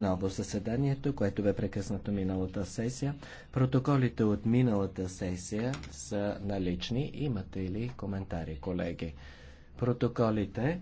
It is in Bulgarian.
Ново заседанието, което бе прекъснато миналата сесия. Протоколите от миналата сесия са налични. Имате ли коментари, колеги? Протоколите